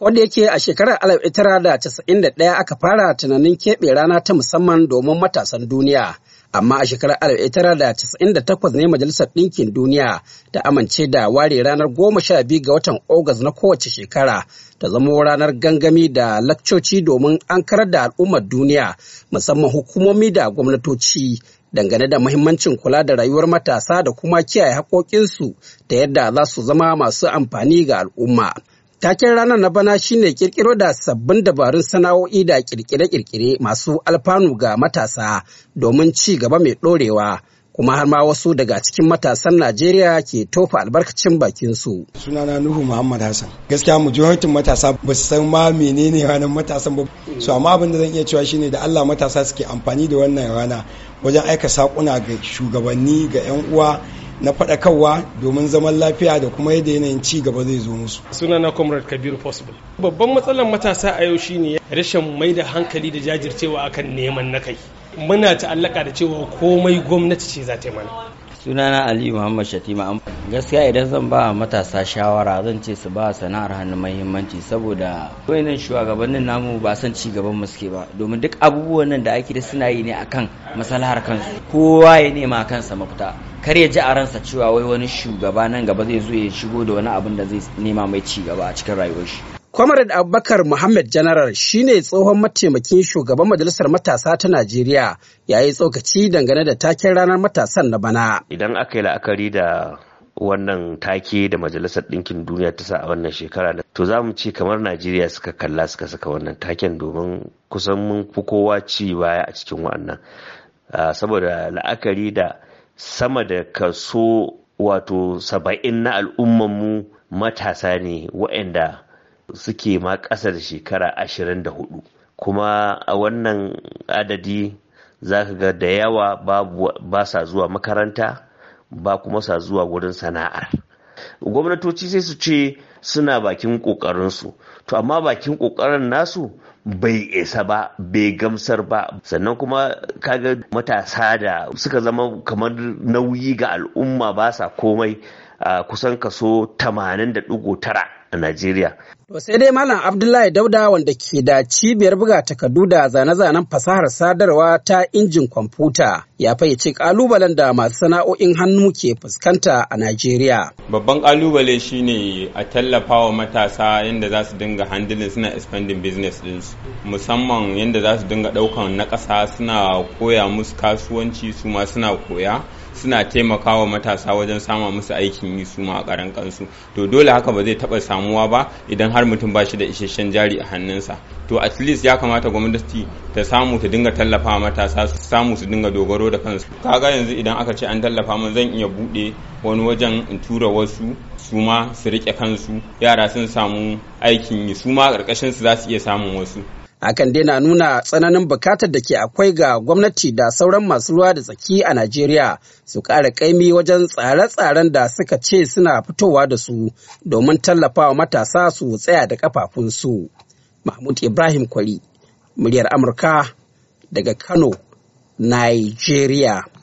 Wanda yake a shekarar 1991 aka fara tunanin keɓe rana ta musamman domin matasan duniya. Amma a shekarar 1998 ne Majalisar Ɗinkin Duniya ta amince da ware ranar goma sha biyu ga watan Ogas na kowace shekara ta zama ranar gangami da lakcoci domin an karar da al'ummar duniya musamman hukumomi da gwamnatoci dangane da muhimmancin kula da rayuwar matasa da kuma kiyaye haƙoƙinsu ta yadda za su zama masu amfani ga al'umma. Taken ranar na bana shine kirkiro da sabbin dabarun sana'o'i da kirkire-kirkire masu alfanu ga matasa domin ci gaba mai ɗorewa. kuma har ma wasu daga cikin matasan Najeriya ke tofa albarkacin bakin su. Sunana Nuhu Muhammad Hassan. Gaskiya mu jihohin matasa ba su san ma menene ranar matasan ba. So amma abin da zan iya cewa shine da Allah matasa suke amfani da wannan rana wajen aika sakuna ga shugabanni ga 'yan uwa na faɗakarwa domin zaman lafiya da kuma yadda yanayin ci gaba zai zo musu. Sunana Comrade Kabiru Possible. Babban matsalar matasa a yau shine rashin mai da hankali da jajircewa akan neman na kai. Muna ta'allaka da cewa komai gwamnati ce za ta yi mana. sunana ali muhammad shatima gaskiya idan zan ba matasa shawara zan ce su ba sana'ar hannu mahimmanci saboda wayannan shugabannin namu ba san ci gaban mu ba domin duk abubuwan nan da ake da suna yi ne akan masalahar kansu kowa ya nema kansa mafita kar ya ji a ransa cewa wai wani shugaba nan gaba zai zo ya shigo da wani abin da zai nema mai ci gaba a cikin rayuwar shi Comrade Abubakar Muhammad General shine tsohon mataimakin shugaban majalisar matasa ta Najeriya yayi tsokaci dangane da taken ranar matasan na bana. Idan aka yi la'akari da wannan take da majalisar ɗinkin duniya ta sa a wannan shekara to za mu ce kamar najeriya suka kalla suka saka wannan taken domin kusan mun fi kowa ci baya a cikin wannan saboda la'akari da sama da kaso wato saba'in na al'ummanmu matasa ne waɗanda suke ma ƙasa da shekara ashirin da hudu kuma a wannan adadi za ka ga da yawa ba sa zuwa makaranta ba kuma sa zuwa wurin sana'ar gwamnatoci sai su ce suna bakin ƙoƙarinsu to amma bakin ƙoƙarin nasu bai isa ba bai gamsar ba sannan kuma kaga matasa da suka zama kamar nauyi ga al'umma ba sa komai kusan kaso tara. a Najeriya. To sai dai Malam Abdullahi Dauda wanda ke da cibiyar buga takardu da zane-zanen fasahar sadarwa ta injin kwamfuta ya fayyace kalubalen da masu sana'o'in hannu ke fuskanta a Najeriya. Babban kalubale shine a tallafa wa matasa yadda za su dinga handling suna expanding business ɗinsu musamman yadda za su dinga ɗaukan na ƙasa suna koya musu kasuwanci su ma suna koya. suna taimakawa matasa wajen sama musu aikin yi su ma a karan kansu to dole haka ba zai taba samuwa ba idan har mutum ba shi da isasshen jari a hannunsa to at least ya kamata gwamnati ta samu ta dinga tallafa matasa su samu su dinga dogaro da kansu kaga yanzu idan aka ce an tallafa min zan iya bude wani wajen in tura wasu su ma su rike kansu yara sun samu aikin yi su ma karkashin su za su iya samun wasu Hakan dai na nuna tsananin bukatar da ke akwai ga gwamnati da sauran masu ruwa da tsaki a Najeriya su ƙara ƙaimi wajen tsare-tsaren da suka ce suna fitowa da su domin tallafawa matasa su tsaya da ƙafafunsu. Mahmud Ibrahim Kwari, muryar Amurka daga Kano, Nigeria.